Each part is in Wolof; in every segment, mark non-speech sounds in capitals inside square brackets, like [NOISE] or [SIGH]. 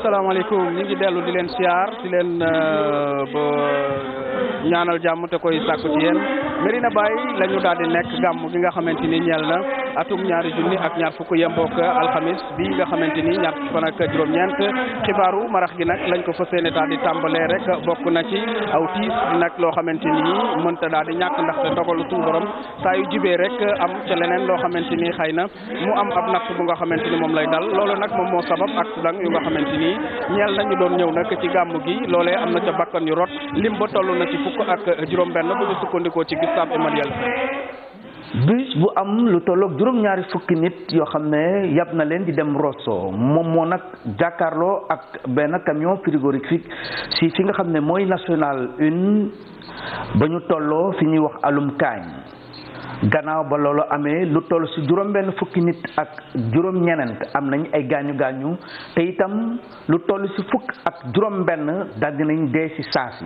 asalaamaaleykum ñu ngi dellu di leen siyaar ci leen euh, ba euh, ñaanal jàmm te koy sàkku ci yéen Medina Baye la ñu daal di nekk gàmm gi nga xamante ni ñeel na atum ñaari junni ak ñaar fukk yembook alxamis bi nga xamante ni ñaar fan ak juróom-ñeent xibaaru marax gi nag lañ ko fa yéene daal di tàmbalee rek bokk na ci aw tiis nag loo xamante ni mënta daal di ñàkk ndaxte ndogalu suñu borom saa yu jibee rek am ca leneen loo xamante ni xëy na mu am ab natt bu nga xamante ni moom lay dal loolu nag moom moo sabab accident yu nga xamante ni ñeel nañu doon ñëw nag ci gàmmu gi loolee am na ca bakkan yu rot lim ba toll na ci fukk ak juróom-benn bu ñu sukkandikoo ci bu am lu tolloog juróom-ñaari fukki nit yoo xam ne yab na leen di dem Rosso moom moo nag jàkkaarloo ak benn camion frigorifique si fi nga xam ne mooy national une ba ñu tolloo fi ñuy wax alum kaañ gannaaw ba loolu amee lu toll ci juróom-benn fukki nit ak juróom-ñenent am nañ ay gaañu gaañu te itam lu toll ci fukk ak juróom-benn daldi nañ dee si saasi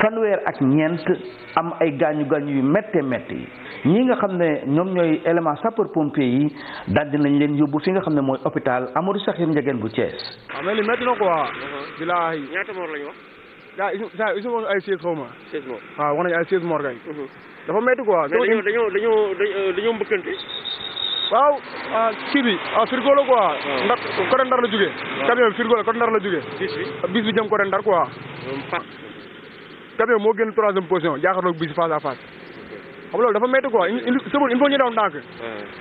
fanweer ak ñeent am ay gaañu gaañu yu mett yi ñi nga xam ne ñoom ñooy élément sapeur pompier yi daal dinañ leen yóbbu fi nga xam ne mooy hôpital Amadou Sakhir Ndiéguène bu Thiès. waaw ah, mais li métti na quoi. Uh-huh. bilaahi ñaata mort la ñu wax. daa isu ma. seize mort waaw ah, wax nañu ay seize uh-huh. quoi. mais dañoo dañoo dañoo dañoo mbëkkante. Ah, kii bi ah frigo la quoi. Uh-huh. ndax côté Ndar la la côté Ndar la jógee. bis bi bis bi jëm moo gën troisième position jaaxal na bis face à face. xam loolu dafa métti quoi sëbul il faut ñu daw ndànk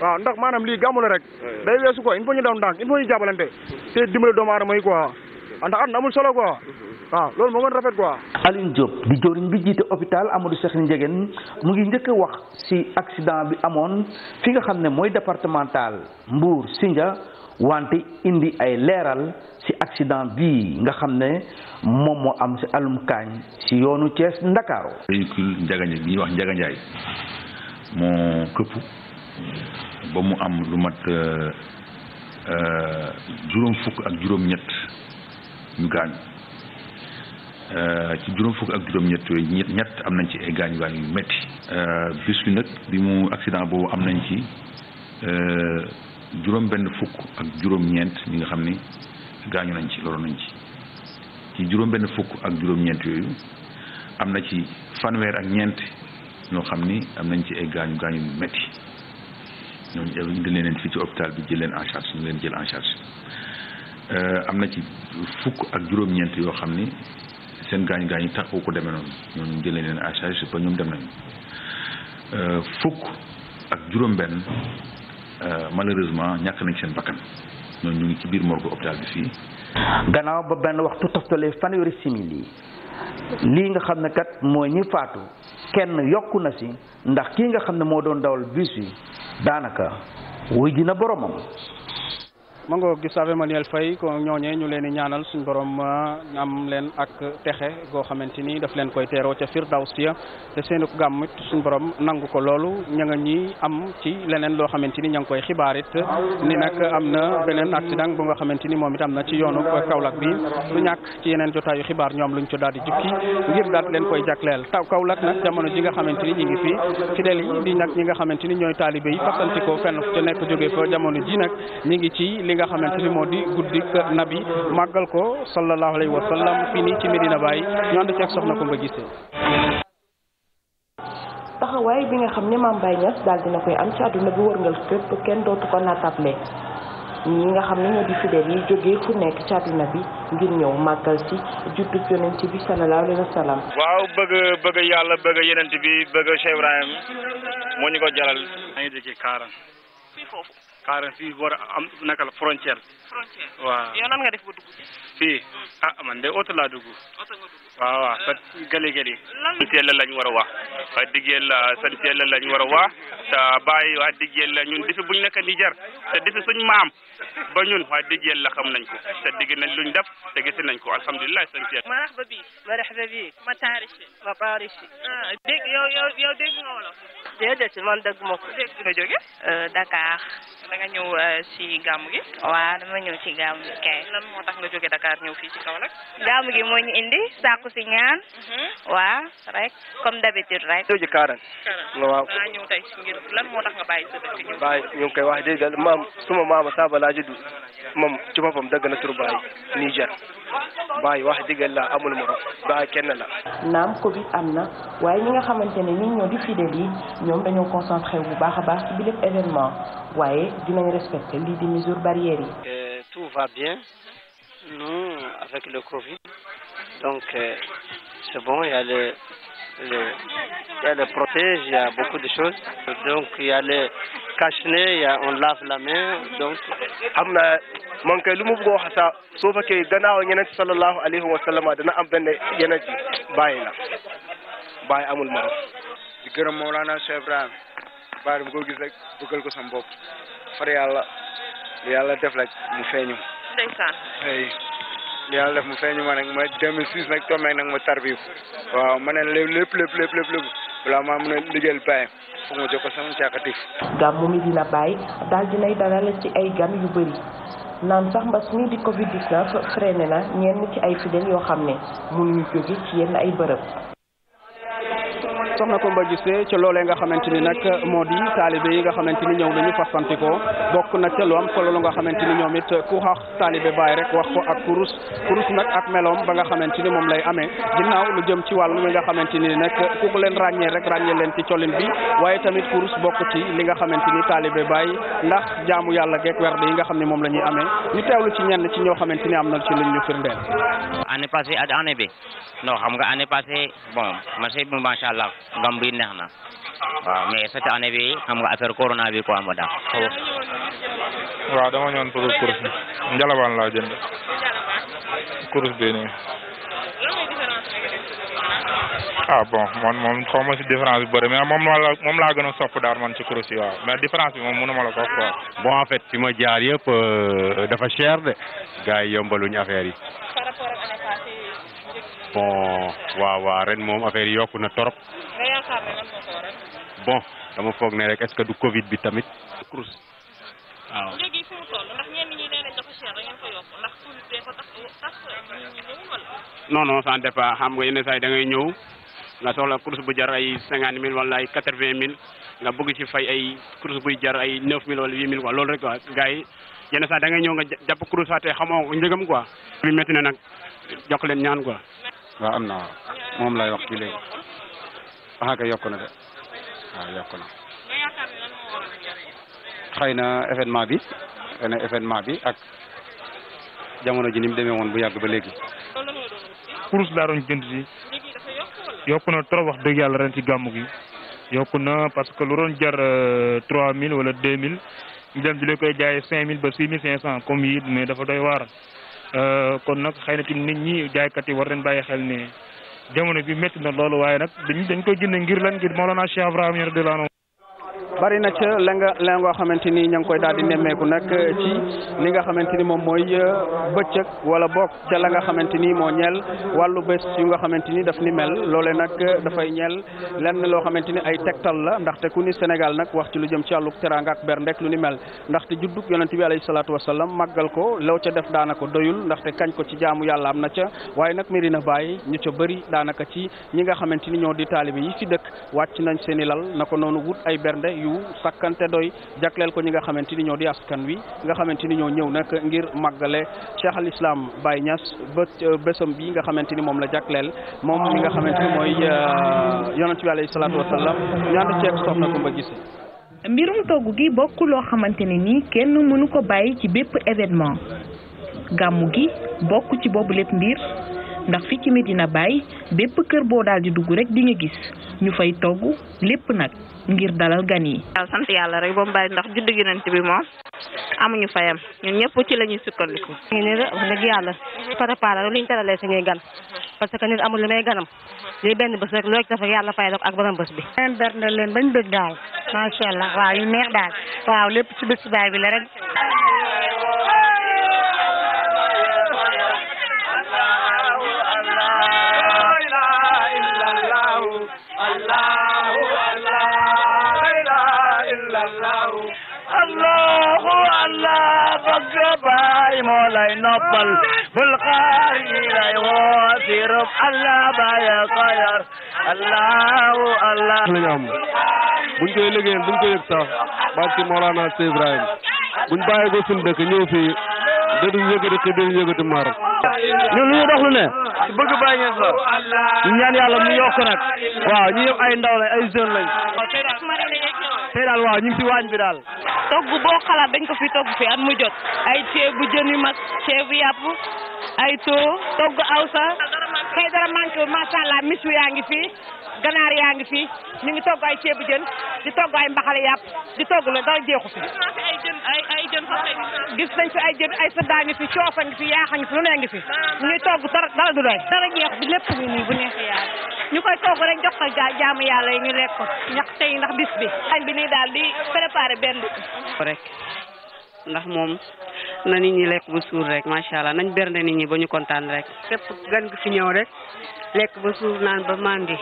waaw ndax maanaam lii gàmmu la rek day weesu quoi il faut ñu daw ndànk il faut ñu jàppalante te dimbale doomu aadama yi quoi ndax at na amul solo ko mm-hmm. waaw loolu moo gën rafet quoi. Aline Diop du jëwriñ bi jiite hôpital Amadou Cheikh Ndiéguène mu ngi njëkk a wax ci accident bi amoon fi nga xam ne mooy départemental Mbour Sindia wante indi ay leeral ci accident bii nga xam ne moom moo am ci alum kaañ ci yoonu Thiès Ndakaaru véhicule njagañ bi ñuy wax njaganjaay moo këpp ba mu am lu mat euh, euh, juróom fukk ak juróom ñett ñu gaañu euh, ci juróom fukk ak juróom ñett ñett am nañ ci ay gaañu gaañu metti bus bi bi mu accident boobu am nañ ci juróom benn fukk ak juróom ñeent ñi nga xam ni gaañu nañ ci loru nañ ci ci juróom benn fukk ak juróom ñeent yooyu am na ci fanweer ak ñeent ñoo xam ni am nañ ci ay gaañu gaañu yu metti ñooñu dafa indi leen fii ci hôpital bi jël leen en charge leen jël en charge euh, am na ci fukk ak juróom yoo xam ni seen gaañu gaañu tax ko demee noonu ñooñu jëlee leen en charge ba ñoom dem nañu euh, fukk ak juróom-benn Euh, malheureusement ñàkk nañ seen bakkan ñoom ñu ngi ci biir morgue hôpital bi fii. gannaaw ba benn waxtu toftalee fanweeri yi lii nga xam ne kat mooy ñi faatu kenn yokk na si ndax ki nga xam ne moo doon dawal bus yi daanaka wuy dina boromam. ma ngoog Gustave Emmanuel Faye ko ñooñee ñu leen di ñaanal suñ borom ah, am leen ak texe goo xamante ni daf leen koy teeroo ca firdawsiya te seen gàmm it suñ borom nangu ko loolu ña nga ñi am ci leneen loo xamante ni ña ngi koy xibaarit ni nag am na beneen accident bu nga xamante ni moom it am na ci yoonu Kaolack bi lu ñàkk ci yeneen jotaayu xibaar ñoom luñ ci daal di jukki ngir daal leen koy jagleel taw Kaolack nag jamono ji nga xamante ni ñi ngi fi fidèles yi di nag ñi nga xamante ni ñooy taalibe yi fasantikoo fenn fu ca nekk jóge fa jamono ji nag nga xamante ni moo di guddi kër nabi màggal ko sallallahu alayhi wa sallam fii nii ci Medina Baye ñu ànd ci ak soxna Koumba Gisé taxawaay bi nga xam ne Mame Baye Niass dina koy am ci àdduna bu wërngal kenn dootu ko natable ñi nga xam ne ñoo di fidèles yi jógee fu nekk ci àdduna bi ngir ñëw màggal ci juddub yonent bi sallallahu alayhi wa waaw bëgg bëgg yàlla bëgg yonent bi bëgg Cheikh moo ñu ko jaral. maa ngi dëkk Kaaràn. xaaral fii war a am naka la frontière. frontière waaw yow nan nga def ba dugg ci. fii ah man de oto laa dugg. oto nga dugg waaw waaw parce que gëli gëli. lan la sant yàlla lañ war a wax. wax dëgg yàlla sant yàlla lañ war a wax te bàyyi wax dëgg yàlla ñun depuis buñ nekk Niger te depuis suñ maam ba ñun wax dëgg yàlla xam nañ ko te digg nañ luñ def te nañ ko alhamdulilah sant yàlla. marhaba bi marhaba bi. matarishi matarishi. ah dégg yow yow yow ko. dégg da nga ñëw euh, si gàmmu gi. waaw dama ñëw si gàmmu kay. lan moo tax nga jóge Dakar ñëw fii si Kaolack. gi moo ñu indi sàkku si ñaan. Mhm. waa rek comme d'habitude rek. ñëw ji Kaaraan. waaw waaw lan moo tax nga bàyyi sa dëkk ñëw. bàyyi ñu ngi koy wax dëgg yàlla suma maama Saba laa juddu moom ci boppam dëgg na tur baay Niger baay wax dëgg yàlla amul morom kenn la. naam Covid am na waaye ñi xamante ne ñun ñoo ñoom dañoo bu baax a baax ci bi événement waaye. dinañ respecté lii di mesure barrière yi. Euh, tout va bien nous avec le Covid donc euh, c'est bon il y a le le il y a le protège y a beaucoup de choses donc y a le cache y a on lave la main donc. xam naa man kay lu ma bëgg a wax sax soo fekkee gannaaw yeneen sallallahu alayhi wa sallam dana am benn yeneen ci bàyyi la bàyyi amul morom. di gërëm Mawlana Cheikh Ibrahim baar mu ko gis rek bëggal ko sam bopp far yàlla yàlla def rek mu feeñu. ndeysaan. yàlla def mu feeñu ma nag ma 2006 nag tombé nag ma tarbiw waaw ma ne lépp lépp lépp lépp lépp balaa maa a liggéeyal baay foog ma jox ko sama càkkatif. gàmmu Medina Baye daal dinay dalal ci ay gan yu bëri naan sax mbas mi di Covid 19 freiné na ñenn ci ay fidèles yoo xam ne mënuñu jóge ci yenn ay bërëb. soxna Kumba Gise ca loolee nga xamante ni nag moo di taalibe yi nga xamante ni ñëw nañu fasantikoo bokk na ca lu am solo nga xamante ni ñoom it ku wax taalibe Baay rek wax ko ak kurus kurus nag ak meloom ba nga xamante ni moom lay amee ginnaaw lu jëm ci wàll mi nga xamante ni nag ku leen ràññee rek ràññee leen ci colin bi waaye tamit kurus bokk ci li nga xamante ni taalibe Baay ndax jaamu yàlla geek werd yi nga xam ne moom la ñuy amee ñu teewlu ñenn ci ñoo xamante ni am na ci luñ ñu firndeel. année passée ak année bi non xam nga année passée bon macha allah gàmm bi neex na waaw mais cette année bi xam nga affaire corona bi quoi moo tax. waaw dama ñëwoon pour kurus bi njalabaan laa jënd kurus bi nii ah bon man moom xaw si différence bi bëri mais moom la moom laa gën a sopp daal man ci kurus yi waaw mais différence bi moom mënu ma la ko quoi. bon en fait fi ma jaar yëpp euh, dafa cher de gars yi yombaluñu yi. bon waaw waaw moom affaire yi na torop bon dama foog ne rek est du Covid bi tamit. waaw léegi fi mu toll xam nga yenn saa yi da ngay ñëw nga soxla course bu jar ay cinquante mille wala ay quatre vingt mille nga bëgg ci fay ay course buy jar ay neuf mille wala huit mille quoi loolu rek quoi gars yi yenn saa ñëw nga jàpp course fa te xamoo njëgam quoi. bi métti na nag jox leen ñaan quoi. waa am na moom lay wax ci léegi ah yokku na de waaw yokku na xëy na événement bi xëy na bi ak jamono ji ni mu demee woon bu yàgg ba léegi. kurus laa doon jënd si yokku na trop wax dëgg yàlla ren ci gàmmu gi yokku na parce que lu doon jar euh, trois mille wala deux mille ñu dem di la koy jaayee cinq mille ba six mille cinq cent comme yi mais dafa doy waar. Euh, kon nag xëy na tamit nit ñi jaaykat yi war nañ bàyyi xel ne jamono bi métti na loolu waaye nag dañ dañ koy jënd ngir lan ngir Mawlana Cheikh Ibrahima radiyallahu anhu bari na ca la nga la nga xamante ni ña ngi koy daal di nemmeeku nag ci li nga xamante ni moom mooy euh, bëccëg wala bokk ca la nga xamante ni moo ñeel wàllu bés yu nga xamante ni daf ni mel loole nag dafay ñeel lenn loo xamante ni ay tegtal la ndaxte ku ni senegal nag wax ci lu jëm ci wàllu teraanga ak ber ndek lu ni mel ndaxte juddug yonent bi alayhi salaatu wasalaam màggal ko law ca def daanaka doyul ndaxte kañ ko ci jaamu yàlla am na ca waaye nag Medina Baye ñu bëri daanaka ci ñi nga xamante ni ñoo di taalibe yi fi dëkk wàcc nañ seen i yu sakkan te doy jagleel ko ñi nga xamante ni ñoo di askan wi nga xamante ni ñoo ñëw nag ngir màggale Cheikh al Islam Baye ba euh, bésam bi nga xamante ni moom la jagleel moom mi nga xamante ni mooy euh, yonent bi alayhi salaatu wasalaam ñaanu ceeb soxna ko mba gise mbirum togg gi bokk loo xamante ne nii kenn mënu ko bàyyi ci bépp événement gàmmu gi bokk ci boobu lépp mbir ndax fi ci Medina Baye bépp kër boo daal di dugg rek di nga gis ñu fay togg lépp nag ngir dalal gan yi. sant yàlla rek ba mu bari ndax juddu gi nañ ci bi moom amuñu fayam ñun ñëpp ci la sukkandiku. ñu ne la wax dëgg yàlla préparé lu ñu teralee si ngay gan parce que nit amul li may ganam lii benn bés rek loo ci def rek yàlla fay ak borom bés bi. leen bernde leen bañ bëgg daal macha allah waaw yu neex daal waaw lépp ci bés baay bi la rek. baay moo lay noppal bul ah. xaar ñi lay woo si rëbb allah baay ko yor allahu allah la ñu am buñ koy liggéeyal buñ koy yëg sax barki Mawlana Sey Ibrahim buñ bàyyi ko suñu dëkk ñëw fii dëddu yëkkati xi dëddu yëkkati mar ñun lu ñu dox lu ne si bëgg bàyyi ngeen la ñu ñaan yàlla mu yokk nag waaw ñu yëpp ay ndaw lañ ay jeune lañ tey daal waaw ñu ngi si waañ bi daal. togg boo xalaat dañ ko fi togg fi at mu jot. ay ceebu jën yu mag ceebu yàpp ay too togg awsa tey dara manqué wu macha yaa ngi fi ganaar yaa ngi fi ñu ngi togg ay ceebu jën di togg ay mbaxale yàpp di togg la dara jeexu fi. ay jën ay gis nañ fi ay jën ay sëddaa ngi fi coosa ngi fi yaaxa ngi fi lu ne ngi fi. ñu ngi togg dara dara dara jeexu bi lépp ñu nii bu neexee yàlla. ñu koy togg rek jox ko jaamu yàlla yi ñu lekk ñax tey ndax bis bi. añ bi nii daal di préparé benn. rek ndax moom na nit ñi lekk ba suur rek macha allah nañ bernde nit ñi ba ñu kontaan rek. képp gan gi fi ñëw rek lekk ba suur naan ba mandi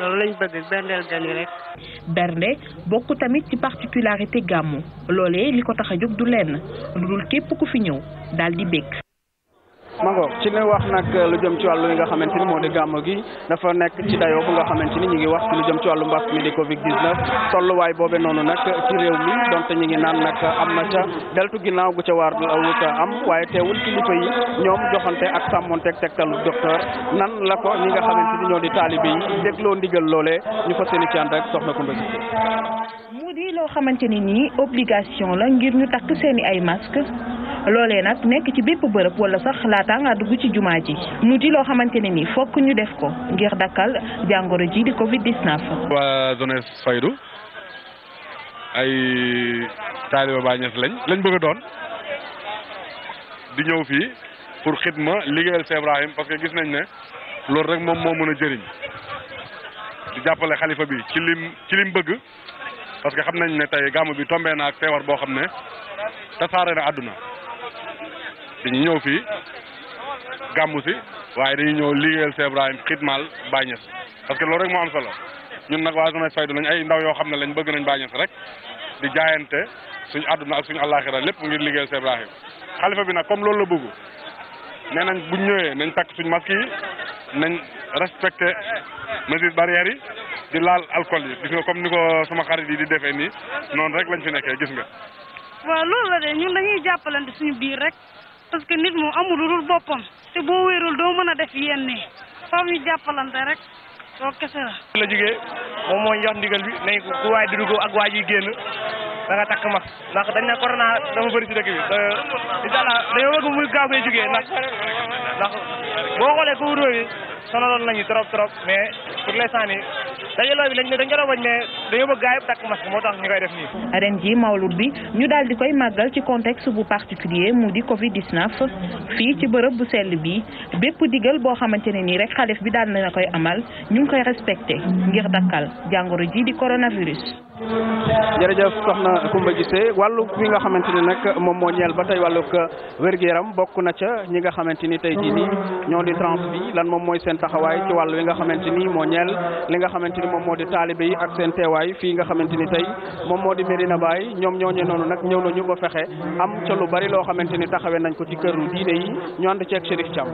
loolu lañ bëgg berndeel gan yi rek. bernde bokk tamit ci particularité gàmmu loolee li ko tax a jóg du lenn lu dul képp ku fi ñëw daal di bég. ma ngoog ci li wax nag lu jëm ci wàllu yi nga xamante ni moo di gàmmu gi dafa nekk ci dayoo bu nga xamante ni ñu ngi wax ci lu jëm ci wàllu mbas mi di Covid 19 tolluwaay boobe noonu nag ci réew mi donte ñu ngi naan nag am na ca deltu ginnaaw gu ca waar wu am waaye teewul kilifa yi ñoom joxante ak sàmmonteeg tegtalu docteur nan la ko ñi nga xamante ni ñoo di taalibe yi dégloo ndigal loole ñu fa seeni ci ànd rek soxna ko ndogi mu di loo xamante ni nii obligation la ngir ñu takk seeni ay masque loole nag nekk ci bépp bërëb wala sax laata nga dugg ci jumaa ji mu di loo xamante ne ni fokk ñu def ko ngir dakkal jàngoro ji di Covid 19. waa zone Faydu ay taaliba Baay Ñas lañ lañ bëgg doon di ñëw fii pour xidma liggéeyal Cheikh Ibrahim parce que gis nañ ne loolu rek moom moo mën a jëriñ di jàppale xalifa bi ci lim ci bëgg parce que xam nañ ne tey gàmm bi tombee na ak feebar boo xam ne tasaare na àdduna dañu ñëw fii gàmmu si waaye dañu ñëw liggéeyal Cheikh Ibrahim xitmaal Baye Niass parce que loolu rek moo am solo ñun nag waa Jumay Faydu lañ ay ndaw yoo xam ne lañu bëgg nañ Baye rek di jaayante suñu àdduna ak suñu àllaaxira lépp ngir liggéeyal Cheikh Ibrahim xalifa bi nag comme loolu la bëgg nee nañ buñ ñëwee nañ takk suñ masque yi nañ respecté mesures barrières yi di laal alcool yi gis nga comme ni ko suma xarit yi di defee nii noonu rek lañ fi nekkee gis parce que nit moom amul lu dul boppam bu boo wéerul doo mën a def yenn nii faw ñu jàppalante rek loolu kese la. la jógee moom moo ñu jox ndigal bi nañ ko ku waay di dugg ak waa ji génn da nga takk masque ndax dañ ne corona dafa bëri ci dëkk bi euh, incha allah dañoo bëgg muy gaaw ngay jógee ndax ndax boo xoolee ku wóoroo bi sonaloon nañu trop trop mais pour l'instant dajaloo bi lañ ne dañ doon bañ ne dañoo bëgg gaa yëpp takk masque moo tax ñu koy def nii. ren ji mawlud bi ñu daal di koy màggal ci contexte bu particulier mu di Covid 19 fii ci bërëb bu sell bi bépp digal boo xamante ne nii rek xalif bi daal na koy amal ñu ngi koy respecté ngir dakkal jàngoro ji di coronavirus. jërëjëf soxna Koumba Gisee wàllu bi nga xamante ni nag moom moo ñeel ba tey wàllug wér-gu-yaram bokk na ca ñi nga xamante ni tey jii di transe lan moom mooy seen taxawaay ci wàllu wi nga xamante ni ñeel li nga xamante moom moo di taalibe yi ak seen teewaay fii nga xamante ni tey moom moo di Medina Baye ñoom ñooñu noonu nag ñëw nañu ba fexe am ca lu bari loo xamante ni taxawee nañ ko ci këru diine yi ñu ànd ceeg Chérif Thiam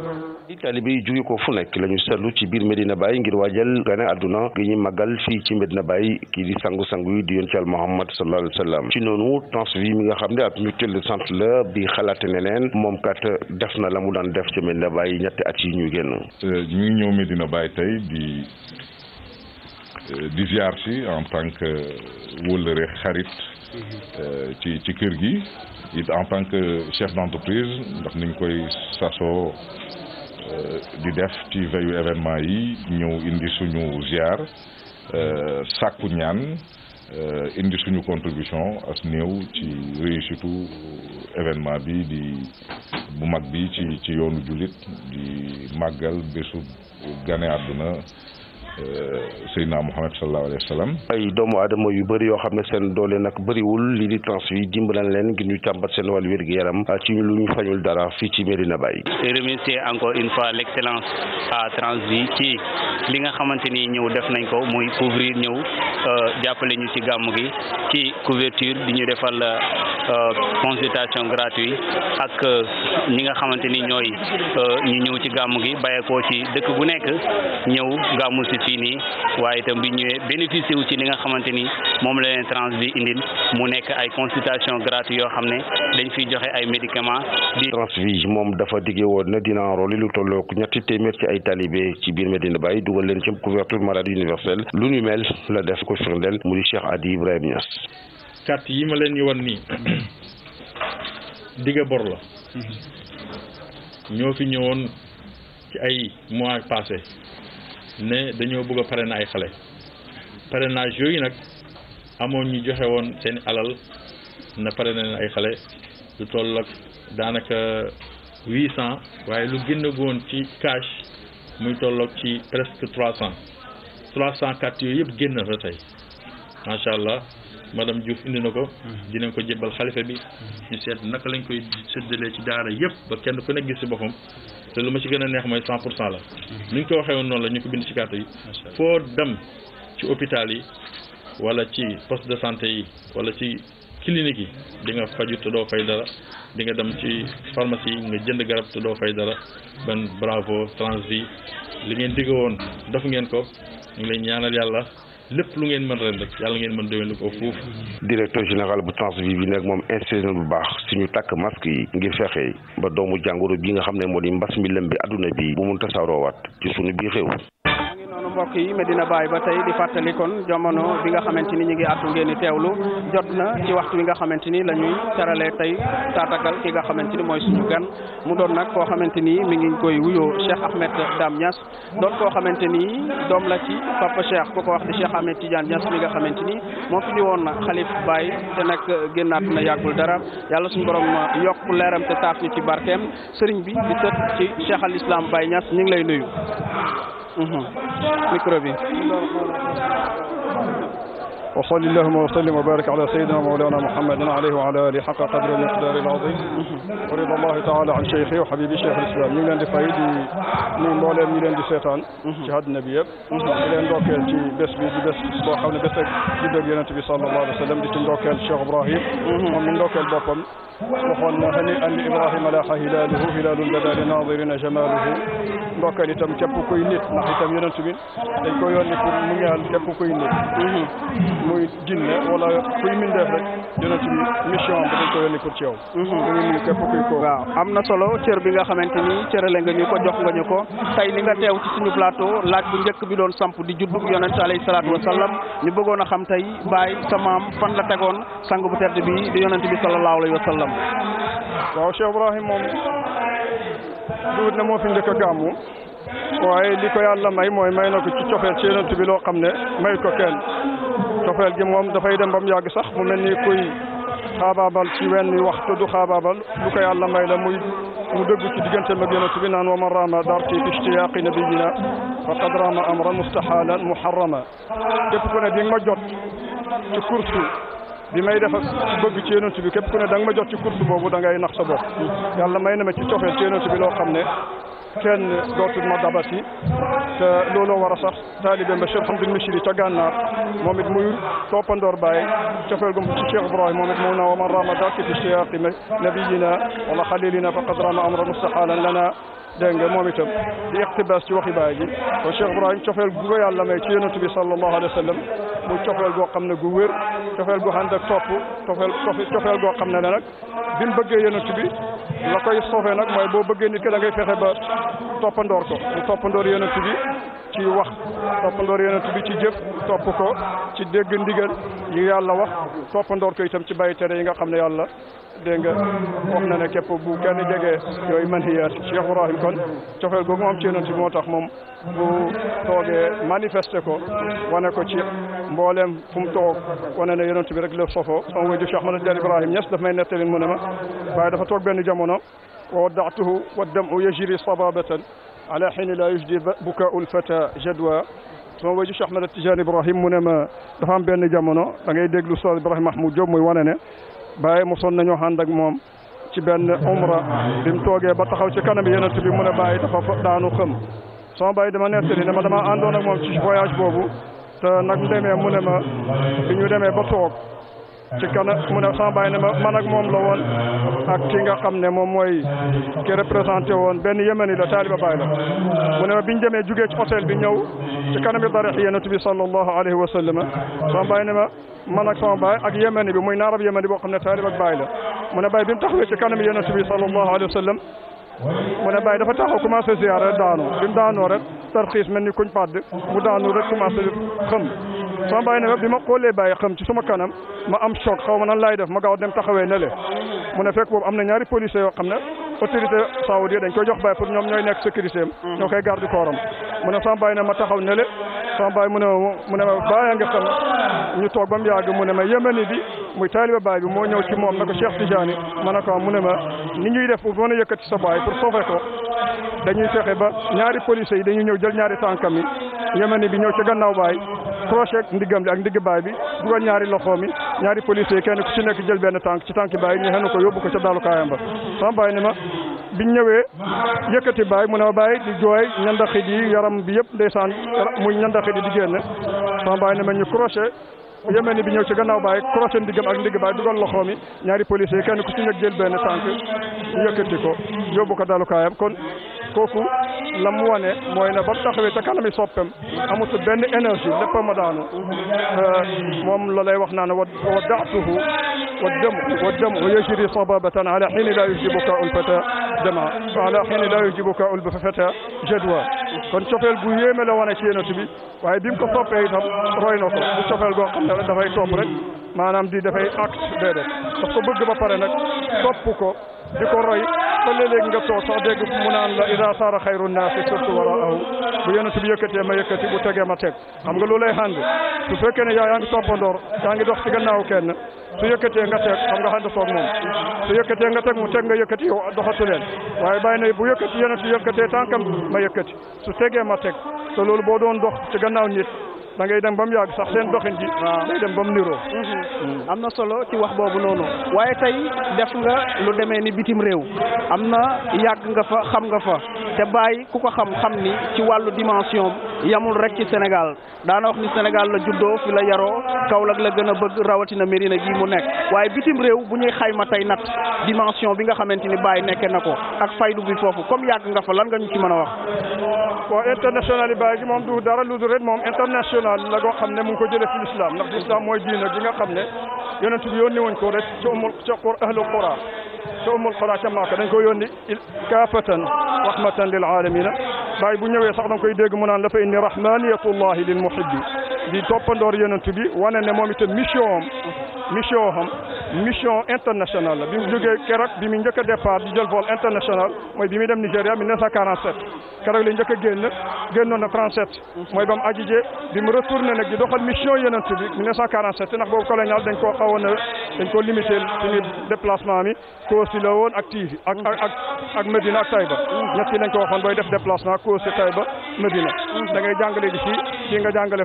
taalibe yi jóge ko fu nekk la ñu seetlu ci biir Medina Baye ngir waajal gane àdduna gi ñu màggal fii ci Medina Baye kii di sangu-sangu yi di yoon ci al Muhammad sallallahu alayhi wa sallam ci noonu Transvi mi nga xam ne ab mutuelle de santé la bi xalaate ne leen moom kat def na la mu daan def ci Medina Baye ñetti at yi ñu génn euh, ñu ngi ñëw Medina Baye tey Euh, di ziar si en tant que euh, wëllëre xarit euh, ci ci kër gi it en tant que chef d'entreprise ndax niñ koy sasoo di def ci veyu événement yi ñëw indi suñu ziar sàkku ñaan indi suñu contribution as néew ci réussite événement bi di bu mag bi ci ci yoonu jullit di màggal bésu gane àdduna Euh, Seydina Muhammad sallallahu alayhi wa ay doomu adama yu bëri yoo xam ne seen doole nag bëriwul lii di trans yi dimbalan leen ngir ñu càmbat seen wàllu wér-gu-yaram ah, ci lu ñu fañul dara fii ci Medina Baye remercier encore une fois l'excellence à Transvi ci li nga xamante ni ñëw def nañ ko muy couvrir ñëw euh, jàppale ñu ci gàmm gi ci couverture di ñu defal euh, Euh, consultation gratuite ak euh, ñi nga xamante ni ñooy euh, ñu ñëw ci gàmm gi bàyyeekoo ci dëkk bu nekk ñëw gàmmu ci fii nii waaye itam bi ñëwee bénéficié wu ci li nga xamante ni moom la leen trans bi mu nekk ay consultation gratuite yoo xam ne dañ fiy joxe ay médicaments di transvige moom dafa diggee woon na dina enrôler lu tollook ñetti téeméer ci ay talibé ci biir Medina Baye dugal leen ci couverture maladie universelle lu ñu mel la def ko firndeel mu di Cheikh Adi Ibrahima Niass sart yi ma leen ñu wan nii digga bor la ñoo fi ñëwoon ci ay mois passé ne dañoo bëgg pare na ay xale pare parrainage yooyu nag amoon ñu joxe woon seen alal na pare na ay xale lu toll ak daanaka huit cent waaye lu gën a goon ci cash muy tolloog ci presque trois cent trois cent quatre yooyu yëpp génn fa tey macha allah madame Diouf indi na ko mm-hmm. dinañ ko jébbal xalifa bi mm-hmm. ñu seet naka lañ koy séddalee ci daara yëpp ba kenn ku nekk gis si boppam te lu ma ci gën a neex mooy cent pour cent la mm-hmm. ni ñu ko waxee woon noonu la ñu ko bind ci carte yi foo dem ci hôpital yi wala ci poste de santé yi wala ci clinique yi di nga faju te doo fay dara di nga dem ci pharmacie yi nga jënd garab te doo fay dara ban bravo transvi li ngeen digg woon def ngeen ko ñu lay ñaanal yàlla lépp lu ngeen mën ren yàlla ngeen mën déwén ko foofu. directeur général bu transvi bi nag moom insisté bu baax suñu tàkk masque yi ngir fexe ba doomu jàngoro bi nga xam ne moo di mbas mi lëm bi àdduna bi bu mun tasaaroowaat ci suñu biir réew. noonu mbokk yi Medina Baye ba tey di fàttali kon jamono bi nga xamante ni ñu ngi àttu ngeen di teewlu jot na ci waxtu wi nga xamante ni la ñuy teralee tey taatagal ki nga xamante ni mooy suñu gan mu doon nag koo xamante ni mi ngi koy wuyoo Cheikh Ahmed Dame Niass doon koo xamante ni doom la ci papa Cheikh ku ko wax di Cheikh Ahmed Tidiane Niass mi nga xamante ni moo fi ñu woon xalif Baye te nag génnaat na yàggul dara yàlla suñu borom yokk leeram te taaf ñu ci barkeem sëriñ bi di sët ci Cheikh al ñu ngi lay nuyu. micro bi وصل اللهم وسلم وبارك على سيدنا مولانا محمد عليه وعلى اله حق قدر المقدار العظيم ورضا الله تعالى عن شيخي وحبيبي شيخ الاسلام ñu ngi leen di fay di nuyu mbooleem ñu leen di seetaan ci àddina bi yëpp di leen ndokkeel ci bés bi di bés boo xam ne bés ak juddóog yonent bi sallallahu alayhi wa sallam di ci ndokkeel Cheikh Ibrahim moom mi ndokkeel boppam waxoon na xani an ibrahima laaqa hilaaluhu hilaalun bada li naadirina jamaaluhu ndokkeel itam képp kuy nit ndax itam yonent bi dañ ko yónni pour mu ñaal képp kuy nit muy ginne wala kuy mindeef rek yonent bi mission am dañ ko yónni pour ci yow. Mhm. waaw am na solo cër bi nga xamante ni cërale nga ñu ko jox nga ñu ko tey ni nga teew ci suñu plateau laaj bu njëkk bi doon samp di juddu yonent alayhi salaatu wa salaam ñu bëggoon a xam tey Baye sa maam fan la tegoon sang bu tedd bi di yonent bi sallallahu alayhi wa sallam. waaw Cheikh Ibrahim moom duut ne moo fi njëkk a gàmmu waaye li ko yàlla may mooy may na ko ci loo xam ne ko cofeel gi moom dafay dem ba mu yàgg sax mu mel ni kuy xaabaabal ci wenn waxtu du xaabaabal lu ko yàlla may la muy mu dëgg ci digganteem ak yonent bi naan wa man raama darti fi ishtiyaaqi nabiyina faqad raama amran mustaxaalan muharrama képp ku ne di ma jot ci kursu bi may def ak bëgg ci yonent bi képp ku ne da nga ma jot ci kursu boobu da ngay nax sa may na ma ci cofeel ci yonent bi loo xam ne kenn dootul ma dabati te looloo war a sax taalibeem ba Cheikh Hamdul Mishri ca gànnaar moom it muy toppandoor Baay cofeel gum ci Cheikh Ibrahim moom it moom na wa man rama daki fi siyaaqi nabiyina wala xalilina faqad rama amran mustahalan lana dégg nga moom itam di iqtibaas ci waxi baay ji kon Cheikh Ibrahim cofeel gu ko yàlla may ci yonent bi sallallahu alayhi wa sallam mu cofeel goo xam ne gu wér cofeel gu ànd ak topp cofeel cofeel goo xam ne ne nag bi mu bëggee yonent bi la koy soofee nag mooy boo bëggee nit ki da ngay fexe ba toppandoor ko mu toppandoor yonent bi ci wax toppandoor yonent bi ci jëf topp ko ci dégg ndigal yi yàlla wax toppandoor ko itam ci bàyyi tere yi nga xam ne yàlla dégg nga wax na ne képp bu kenn jegee yooyu manhiyaat Cheikh Ibrahim kon cofeel googu am ci yonent bi moo tax moom bu toogee manifesté ko wane ko ci mboolem fu mu toog wane ne yonent bi rek la sofoo sama wajur Cheikh Ahmad Tijaan Ibrahim Ñas daf may nettali mu ne ma waaye dafa toog benn jamono wa waddaatuhu wa damu yajri sababatan ala xiini la yujdi bukaau lfata jadwa sama wajur Cheikh Ahmad Tijaan Ibrahim mu ne ma dafa am benn jamono da ngay déglu Ustaz Ibrahima Mahmoud Diop muy wane ne bàyyi mu son nañu ànd ak moom ci benn umra bi mu toogee ba taxaw ci kanam yenent bi mu ne bàyyi dafa daanu xëm sama bàyyi dama nettali ne ma dama àndoon ak moom ci voyage boobu te nag mu demee mu ne ma bi ñu demee ba toog ci kana mu a sama baay ne ma man ak moom la woon ak ki nga xam ne moom mooy ki représenté woon benn yemeni la a baay la mu a ma biñ demee jugee ci bi ñëw ci kanami darix yonent bi sallallahu alayhi baay ne ma a ak sama baay ak yemeni bi muy naarab yemeni boo xam ne taaliba baay la mu a baay bi mu taxawee ci kanami yonent bi sallallahu alayhi wa sallam mu ne Baye dafa taxaw commencé ziyaara daanu bi mu daanoo rek tarxiis mel ni kuñ padd mu daanu rek commencé xam sama bàyyi ne bi ma xoolee bàyyi xam ci suma kanam ma am choc xaw ma nan laay def ma gaaw dem taxawee ne le mu ne fekk boobu am na ñaari policiers yoo xam ne autorité saoudia dañ koy jox bàyyi pour ñoom ñooy nekk sécurité am ñoo koy garde corps am mu ne sama bàyyi ne ma taxaw ne le sama bàyyi mu ne mu ne ma bàyyi nga xam ñu toog ba mu yàgg mu ne ma yémani bi muy taaliba baay bi moo ñëw ci moom na ko Cheikh Tidiane ma ne ko mu ne ma ni ñuy def pour a yëkkati sa baay pour sauver ko dañuy fexe ba ñaari policiers yi dañuy ñëw jël ñaari tànkam yi yémani bi ñëw ci gannaaw baay crochet ak ndiggam li ak ndigg baay bi dugal ñaari loxoom yi ñaari policier kenn ku ci nekk jël benn tànk ci tànki baay ñu xenu ko yóbbu ko ca daalukaayam ba sama baay ni ma biñ ñëwee yëkkati baay mu ne ma baay di jooy ñandaxit yi yaram bi yëpp ndeysaan muy ñandaxit yi di génne sama baay ne ma ñu crochet yemeen bi ñëw ci gannaaw baay crochet ndiggam ak ndigg baay dugal loxoom yi ñaari policier kenn ku ci nekk jël benn tànk yëkkati ko yóbbu ko daalukaayam kon kooku la mu wane mooy ne ba mu taxawee ca kanami soppem amul sa benn énergie lépp ma daanu euh, moom la lay wax naan wa wa daatuhu wa dam wa dam wa yajri sababatan ala xiini laa yujibu kaa ul fata dama ala xiini laa yujibu kaa ul fata jadwa kon cofeel bu yéeme la wane ci yonent bi waaye bi mu ko soppee itam roy na ko bu cofeel goo xam ne rek dafay topp rek maanaam di dafay acte déedéet daf ko bëgg ba pare nag topp ko di ko roy ba léeg-léeg nga toog sax dégg mu naan la ida saara xayru naasi surtout waraahu bu yonent bi yëkkatee ma yëkkati bu tegee ma teg xam nga lu lay xàng su fekkee ne yaa yaa ngi toppandoor yaa ngi dox ci gannaaw kenn su yëkkatee nga teg xam nga xand soog moom su yëkkatee nga teg mu teg nga yëkkati yo doxatu leen waaye bàyyi na bu yëkkati yonent bi yëkkatee tànkam ma yëkkati su tegee ma teg te loolu boo doon dox ci gannaaw nit da ngay dem ba mu yàgg sax seen doxin ji day dem ba mu niroo mm-hmm. am na solo ci wax boobu noonu waaye tey def nga lu demee ni bitim réew am na yàgg nga fa xam nga fa te bàyyi ku ko xam xam ni ci wàllu dimension yamul rek ci Sénégal daana wax ni Sénégal la juddoo fi la yaroo Kaolack la gën a bëgg rawatina Médina gi mu nekk waaye bitim réew bu ñuy xayma tey nat dimension bi nga xamante ni bàyyi nekkee na ko ak faydu bi foofu comme yàgg nga fa lan nga ci mën a wax bon international baay gi moom du dara lu dul rek moom international la goo xam ne mu ngi ko jëlee ci l'islam ndax l'islam mooy diina gi nga xam ne yonent bi yónni woon ko rek ci umul ca qur ahlu qura ca umul qura ca Makka dañ ko yónni kaafatan rahmatan lil alamina baay bu ñëwee sax danga koy dégg mu naan la fa inni rahmaniyatullahi lil muhibbi di toppandoor yonent bi wane ne moom itam mission am mission am mission internationale la bi mu jógee keroog bi mu njëkk a départ di jël vol international mooy bi muy dem Nigéria 1947 keroog la njëkk a génn génnoon na 37 mooy ba mu ajijee bi mu retourné nag di doxal mission yonent bi 1947 ndax boobu colonial dañ koo xawoon a dañ koo limité suñu mi Koosi la woon ak Tivi ak Medina ak Taïba ñett lañ ko waxoon booy def déplacement Koosi Taïba Medina da ngay jàngale ji fii nga jàngale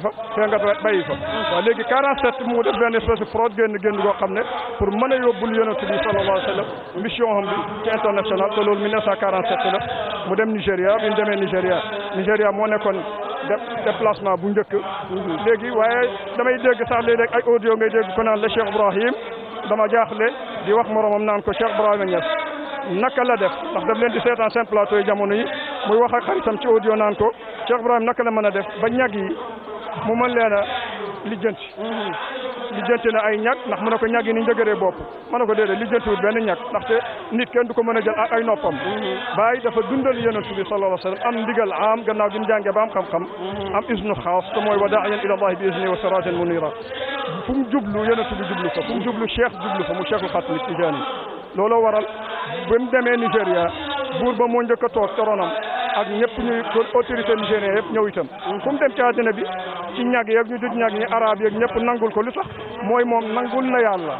pour mën a yóbbul yonent bi sallallahu alayhi wa mission am bi ci international te loolu 1947 la mu dem Nigéria bi mu demee Nigéria Nigéria moo nekkoon déplacement bu njëkk léegi waaye damay dégg sax léeg ay audio ngay dégg ko naan la Cheikh Ibrahim dama jaaxle di wax moromam naan ko Cheikh Ibrahima Niass naka la def ndax daf leen di seetaan seen plateau yi jamono yi muy wax a xaritam ci audio naan ko Cheikh Ibrahim naka la mën a def ba ñag yi mu mën leen a lijjanti lijjanti na ay ñag ndax mu ne ko ñag yi bopp ma ne ko déedéet lijjantiwut benn ñag ndaxte nit kenn du ko mën a jël ak ay noppam mhm. bàyyi dafa dundal yonent bi sallallahu alayhi wa sallam am ndigal am gannaaw bi mu jàngee ba am xam-xam mhm. am isnu xaas te mooy wadaayan ila allahi bi isni wa siraajan munira fu mu jublu yonent bi jublu fa fu jublu cheikh jublu fa mu cheikhul xatmi waral ba mu demee Nigéria buur ba moo njëkk a toog ak ñëpp ñuy autorité nigérien yëpp ñëw itam fu dem ci bi ci ñag ñu dut ñag ñi arab yeeg ñëpp nangul ko lu tax mooy moom nangul na yàlla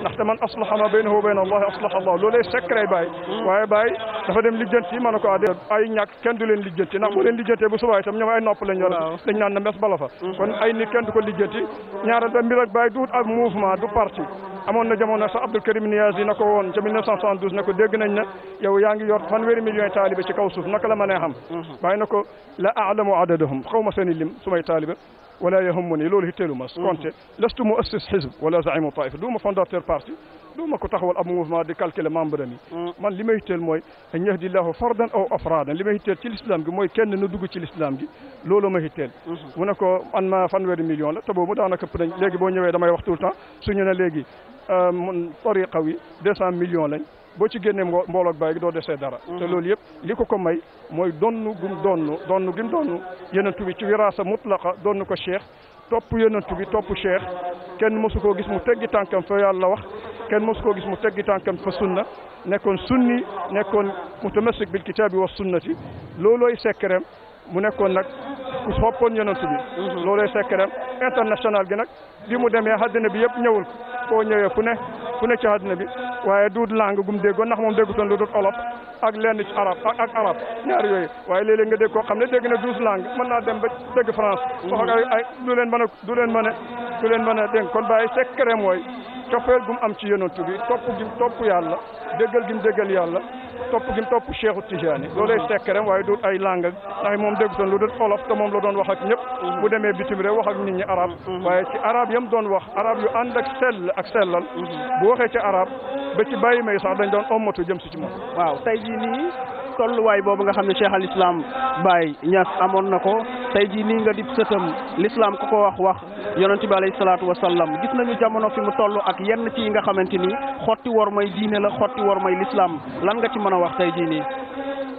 ndaxte man aslaha ma baynahu wa bayna allahi aslaha allah loolay secret baay waaye baay dafa dem lijjanti ma ne ko adde ay ñàkk kenn leen lijjanti ndax boo leen lijjantee bu subaa itam ñoom ay nopp lañ yor na mes bala fa kon ay nit kenn ko lijjanti ñaareel ba mbir baay du ak mouvement du parti amoon na jamono sax Abdul Karim Niazi na ko woon ca 1972 ne ko dégg nañ ne yow yaa ngi yor fanweeri millions taalibe ci kaw suuf naka la mënee xam mm-hmm. bàyyi na ko la aalamu adadahum xaw ma seen i lim sumay taalibe wala yahummuni loolu hitteelu mas compté mm-hmm. lestu mu assis xisb wala zaimu taif duuma fondateur parti duuma ko taxawal ab mouvement di calculer membre yi mm-hmm. man li may hitteel mooy an yahdillahu fardan aw afradan li may hitteel ci l'islam gi mooy kenn nu dugg ci l'islam gi loolu ma hitteel mu ne ko an ma fanweeri million la te boobu daanaka ëpp nañ léegi boo ñëwee damay wax tout le temps suñu ne léegi Euh, mun tariqa wi deux cent million lañ boo ci génnee mbooloog baay gi doo desee dara mhm. te loolu yëpp li ko ko may mooy donnu gum donnu donnu gim donnu yenentu bi ci wiraasa mutlaqa donnu ko cheikh topp yenentu bi topp cheikh kenn mosu koo gis mu teggi tànkam fa yàlla wax kenn mosu koo gis mu teggi tànkam fa sunna nekkoon sunni nekkoon mutamassik bil kitaabi wa sunnati loolooy sekkereem mu nekkoon nag ku soppoon yonent bi mhm. loolooy sekkereem international gi nag bi mu demee àddina bi yëpp ñëwul foo ñëwee ku ne ku ne ci àddina bi waaye duut langue gum déggoon ndax moom déggutoon lu dul olof ak lenn ci arab ak arab ñaar yooyu waaye léeg nga dégg koo xam ne dégg na douze langue mën naa dem ba dégg France wax ak ay du leen mën a du leen mën a du leen mën a dégg kon bàyyi secret mooy coppeel gum am ci yonantu bi topp gim topp yàlla déggal gim déggal yàlla topp gim topp Cheikhu Tijaani loolay secret waaye duut ay langue ndax moom déggutoon lu dul olof te moom la doon wax ak ñëpp bu demee bitim réew wax ak nit ñi arab waaye ci arab yam doon wax arab yu ànd ak sell ak sellal bu waxee ci arab ba ci bàyyi may sax dañ doon ommatu jëm si ci moom. waaw tey jii nii tolluwaay boobu nga xam ne cheikh al bàyyi Baye amoon na ko tey jii nii nga di sëtam l'islam ku ko wax wax yonent bi alayhi salaatu wa sallam gis nañu jamono fi mu toll ak yenn ci yi nga xamante ni xotti wor may diine la xotti wor may l'islam lan nga ci mën a wax tey jii nii.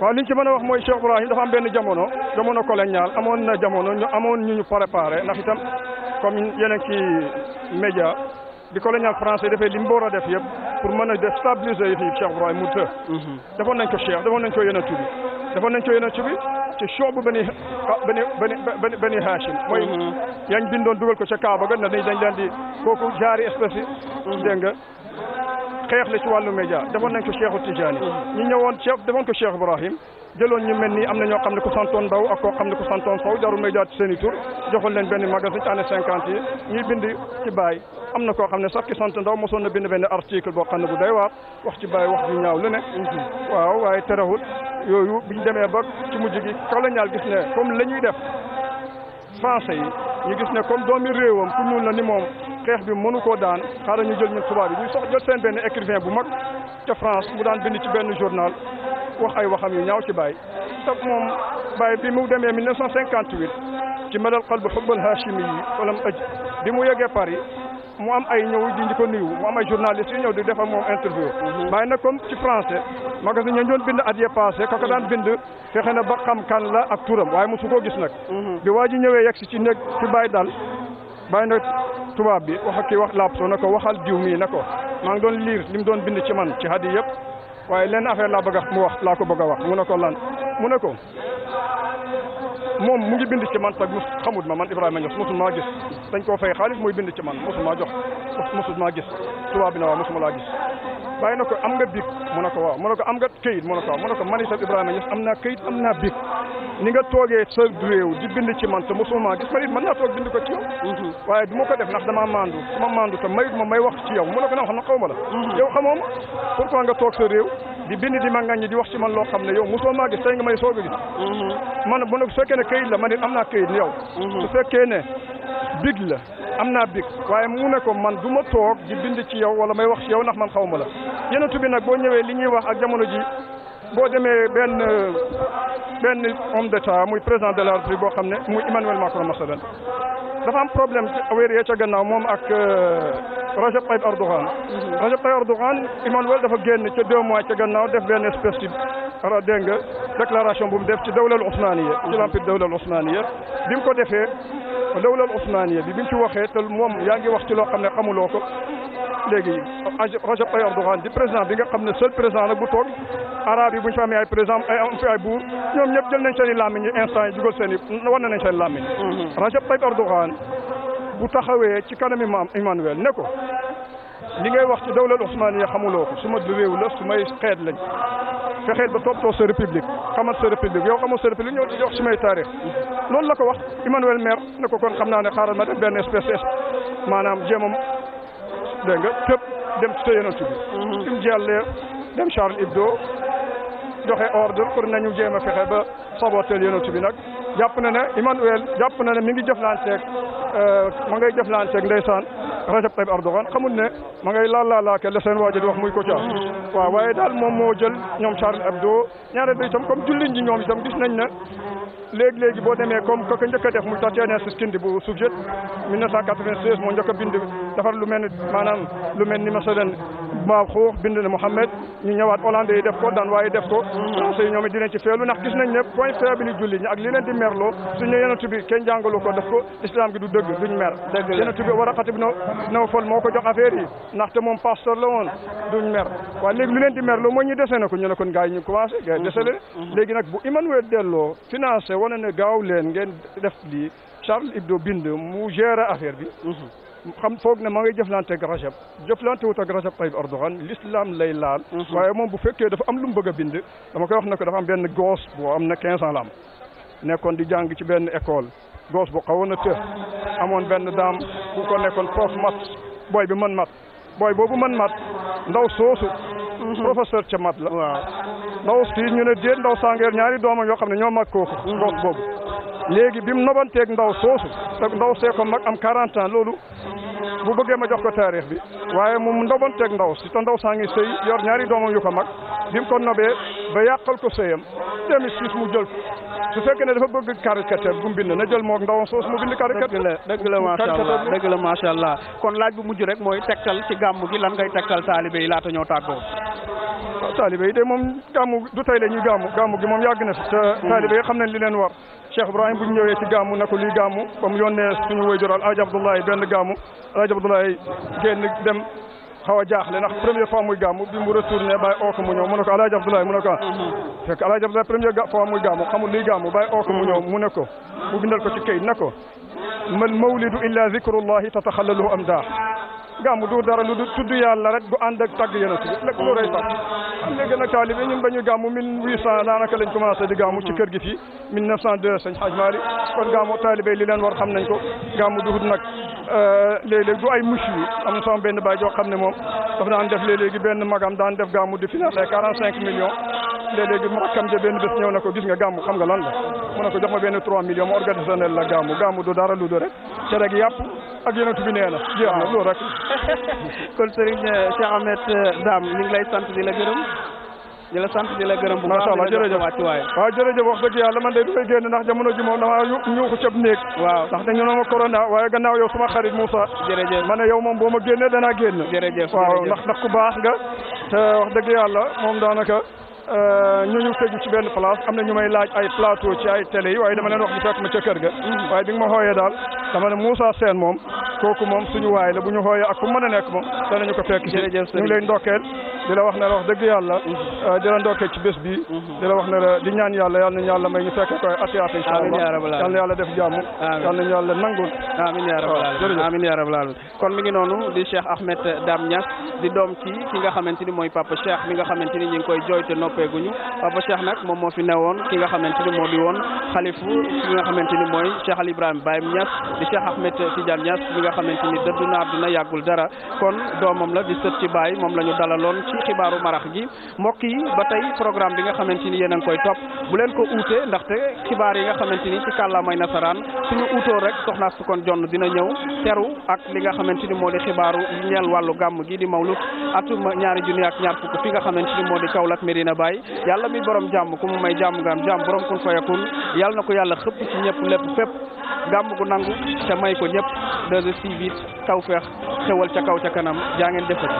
waaw liñ ci mën a wax mooy Cheikh Ibrahim dafa am benn jamono jamono colonial amoon na jamono ñu amoon ñu ñu préparé ndax itam comme yeneen ci média bi colonial français defee li mu war a def pour mën a déstabiliser yëf yi Cheikh Ibrahima mu të mhm. defoon nañ ko Cheikh defoon nañ ko a bi defoon nañ ko yonent bi ci soobu bani bani bani bani Hachim mhm. mooy yañ bindoon dugal ko ca Kaaba ga na dañ leen di kooku jaari espèce yi mhm. dégg nga xeex la ci wàllu média defoon nañ ko Cheikhu Tidiane ñu ñëwoon Cheikh defoon ko Cheikh Ibrahim jëloon ñu mel am xam ne ko santoon Ndaw ak koo xam ne ku santoon Sow jarul média ci seen i tur joxoon leen am na koo xam ne sax ki sant Ndaw mosoon na bind benn article boo xam ne bu day waar wax ci Baye wax ju ñaaw lu ne mhm. waaw waaye terewul yooyu biñ demee ba ci mujj gi colonial gis ne comme la ñuy def français yi ñu gis ne comme doomi réewam ku ñuul na ni moom xeex bi mënu koo daan xaaral ñu jël ñun tubaab yi ñu sox jël seen benn écrivain bu mag ca France mu daan bind ci benn journal wax ay waxam yu ñaaw ci baay te moom Baye bi mu demee 1958 ci melal xal bu xubbal hachimi yi falam aj bi mu yegee Paris mu am ay ñëw di ko nuyu mu am ay journaliste yu ñëw di def ak moom interview waaye nag comme ci français magazine ñu doon bind at yee passé kooku daan bind fexe na ba xam kan la ak turam waaye mosu koo gis nag mhm. bi waa ji ñëwee yegg ci néeg ci bàyyi daal bàyyi nag tubaab bi wax ak kii wax laabso na ko waxal diw mii na ko maa ngi doon liir li doon bind ci man ci hadi yëpp waaye leen affaire laa bëgg a mu wax laa ko bëgg a wax mu ne ko lan mu ne ko moom mu ngi bind ci man tag mos xamut ma man Ibrahima Niass mosul maa gis dañ koo fay xaalis muy bind ci man mosul maa jox mosul maa gis tubaab bi na waaw mosuma laa gis bàyyi nag ko am nga bic mu ne ko waaw mu ne ko am nga këyit mu ne ko waaw mu ne ko man itam Ibrahima am naa këyit am naa bic ni nga toogee sa réew di bind ci man te mosuma gis ma nit mën naa toog bind ko ci yow mhm. ko def ndax damaa mandu su ma mandu te mayut may wax yow mu ne ko na xam na xaw ma la mhm. yow xamoo ma pourquoi nga toog sa réew di bind di ma ngañ di wax ci man loo xam ne yow mosoo maa gis te nga may soog a gis mhm. man bu fekkee ne këyit la man it am naa këyit yaw su fekkee ne big la am naa big waaye mu ne ko man du ma toog di bind ci yow wala may wax ci nax ndax man xaw ma la yenentu bi nag boo ñëwee li ñuy wax ak jamono ji boo demee benn benn homme d'état muy président de la République boo xam ne muy Emmanuel Macron masalan dafa am problème ci wéer yee ca gannaaw moom ak euh, Recep Tayyip Erdogan mhm. Recep Tayyip Erdogan Emmanuel dafa génn ca deux mois ca gannaaw def benn espèce ci dégg nga déclaration bu mu def ci dawlal Osmaniya ci l'empire mhm. dawlal Osmaniya bi lawlal usmaaniya bi bi mu ci waxee te moom yaa ngi wax ci loo xam ne xamuloo ko léegi Rajab Tayyip Erdogan di président bi nga xam ne seul président nag bu toog arabe yi bu ñu fa amee ay président ay am fi ay buur ñoom ñëpp jël nañ seen i làmmiñ yi instant yi dugal seen i war nañ seen i làmmiñ mm-hmm. Rajab Tayyip Erdogan bu taxawee ci kanam imam Emmanuel ne ko li ngay wax ci dawlal usmaaniya xamuloo ko su ma réew la su may xeet lañ fexeel ba toppatoo sa république xamal sa république yow xamal sa république ñëw di jox may taarix loolu la ko wax Emmanuel Maire ne ko kon xam naa ne xaaral ma def benn espèce maanaam jéemam dégg nga tëb dem ci yonent mhm. bi ci mu jàllee dem Charles Hebdo joxe ordre pour nañu jéem a fexe ba saboteel yonent bi nag jàpp na ne Emmanuel jàpp na ne mi ngi jëflanteeg euh, ma ngay jëflanteeg ndeysaan Rajab Tayyip Erdogan xamul ne ma ngay laal laalaake la seen waajal wax muy Kouthia waaw waaye daal moom moo jël ñoom Charles Hebdo ñaareel ba itam comme julliñ ji ñoom itam gis nañ ne léegi-léegi boo demee comme que njëkk a def muy Tatiana Siskindi bu Soviet 1996 moo njëkk a defar lu mel ni maanaam lu mel ni masalan tubaab xuux bind na Mouhamed ñu ñëwaat hollandais yi def ko daan waaye def ko français yi ñoom it dinañ ci feelu ndax gis nañ ne point faible julli ak li leen di merloo suñu yonent bi kenn jàngalu ko def ko islam gi du dëgg duñ mer yonent bi war a xatib na naw fol moo ko jox affaire yi ndaxte moom pasteur la woon duñ mer waaye léegi lu leen di merloo mooy ñu dese na ko ñu ne kon gars yi ñu commencé gars yi dese leen mm-hmm. Mm-hmm. léegi nag bu Emmanuel delloo financé wane ne gaaw leen ngeen def lii Charles Hebdo bind mu géré affaire bi mm-hmm. xam foog ne ma ngay jëflante ak Rajab jëflante wut ak Rajab Tayyip Erdogan l'islam lay laal mhm. waaye moom bu fekkee dafa am lu mu bëgg a bind dama koy wax na ko dafa am benn goos boo am na quinze ans la am nekkoon di jàng ci benn école goos bu xawoon a tëx amoon benn daam ku ko nekkoon prof mat booy bi mën mat booy boobu mën mat ndaw soosu mhm. professeur ca mat la waaw ndaw si ñu ne déet ndaw sangeer ñaari doomam yoo xam ne ñoom mag kooku mhm. goos boobu léegi bi mu nobanteeg ndaw soosu te ndaw see ko mag am 40 ans loolu bu bëggee ma jox ko taarix bi waaye moom nobanteeg ndaw si te ndaw saa ngi sëy yor ñaari doomam yu ko mag bi mu ko nobee ba yàqal ko sëyam 2006 mu jël su fekkee ne dafa bëgg caricature bu mu bind na jël moo ndawam soosu mu bind caricature. dëgg la macha allah dëgg kon laaj bu mujj rek mooy tegtal ci gàmm gi lan ngay tegtal taalibe yi laata ñoo tàggoo. waaw taalibe yi de moom gàmmu du tey la ñuy gàmmu gàmmu gi moom yàgg na fi. Mm-hmm. xam nañ li leen war. Cheikh Ibrahim bu ñu ñëwee ci gàmmu ne ko lii gàmmu ba mu yónnee suñu woy jural Alaaji Abdoulaye benn gàmmu Alaaji Abdoulaye génn dem xaw a jaaxle ndax première fois muy gàmmu bi mu retourné bàyyi oo ko mu ñëw mu ne ko Alaaji Abdoulaye mu ne ko fekk Alaaji Abdoulaye première fois muy gàmmu xamul lii gàmmu bàyyi oo ko mu ñëw mu ne ko mu bindal ko ci kayit ne ko mal mawlidu illa zikrullahi tataxallaluhu am daax gàmmu du dara lu tudd yàlla rek bu ànd ak tàgg yéen a tudd lépp lu rëy tax am léegi nag taalibe ñun ba ñu gàmmu mille huit cent daanaka lañ commencé di gàmmu ci kër gi fi mille neuf cent deux sëñ Hadj Malick kon gàmmu li leen war xam nañ ko gàmmu duhut nag euh, léeg du ay mush yi am na sama benn baay joo xam ne moom dafa daan def léeg-léegi benn magam daan def gàmmu di financé quarante cinq millions léeg-léegi mu rakkam ja benn bés ñëw na ko gis nga gàmmu xam nga lan la mu ne ak yonent bi nee na jeex na loolu rek. [LAUGHS] kon sëriñ euh, Cheikh Ahmed euh, Dame ñu ngi lay sant di la gërëm. di la sant di la gërëm bu baax macha allah jërëjëf waaw ah, jërëjëf wax dëgg yàlla man de du may génn ndax jamono ji moom damaa ñuuxu cëb néeg waaw ndax dañu ne ma corona waaye gannaaw yow suma xarit Moussa jërëjëf ma ne yow moom boo ma génnee danaa génn jërëjëf waaw ndax ndax ku baax nga te wax dëgg yàlla moom daanaka Euh, ñooñu fegu ci benn place am na ñu may laaj ay plateau ci ay télé yi waaye dama leen wax ñu fekk ma ca kër ga waaye bi nga ma xooyee daal dama ne Moussa Sène moom kooku moom suñu waay la bu ñu xooyee ak ku mën a nekk moom danañu ko fekk ci ñu ngi di la wax ne la wax dëgg yàlla mhm. euh, di la ndokkeel ci bés bi mhm. di la wax ne la di ñaan yàlla yàlla may ñu fekk koy ati ati incha allah yal di Cheikh Ahmed Dame Niass di doom ci ki nga ni mooy Papa Cheikh mi nga xamante ni ñu ngi koy jooyte nopp noppeeguñu Papa Cheikh nag moom moo fi newoon ki nga xamante ni moo di woon xalifu ki nga xamante ni mooy Cheikh Al Ibrahima Baye Niass di Cheikh Ahmed Tidiane Niass bi nga xamante ni dëddu na àdduna yàggul dara kon doomam la di sët ci Baye moom la ñu dalaloon ci xibaaru marax gi mbokk yi ba tey programme bi nga xamante ni yéen a koy topp bu leen ko uute ndaxte xibaar yi nga xamante ni ci kàllaamay nasaraan suñu uutoo rek soxna su kon jonn dina ñëw teru ak li nga xamante ni moo di xibaaru ñeel wàllu gàmm gi di mawlut atum ñaari junni ak ñaar fukk waay yàlla mi borom jàmm ku mu may jàmm nga am jàmm borom kun fayakun yàlla na ko yàlla xëpp ci ñëpp lépp fépp gàmm gu nangu te may ko ñëpp 2STV it taw feex xewal ca kaw ca kanam jaa ngeen jëfati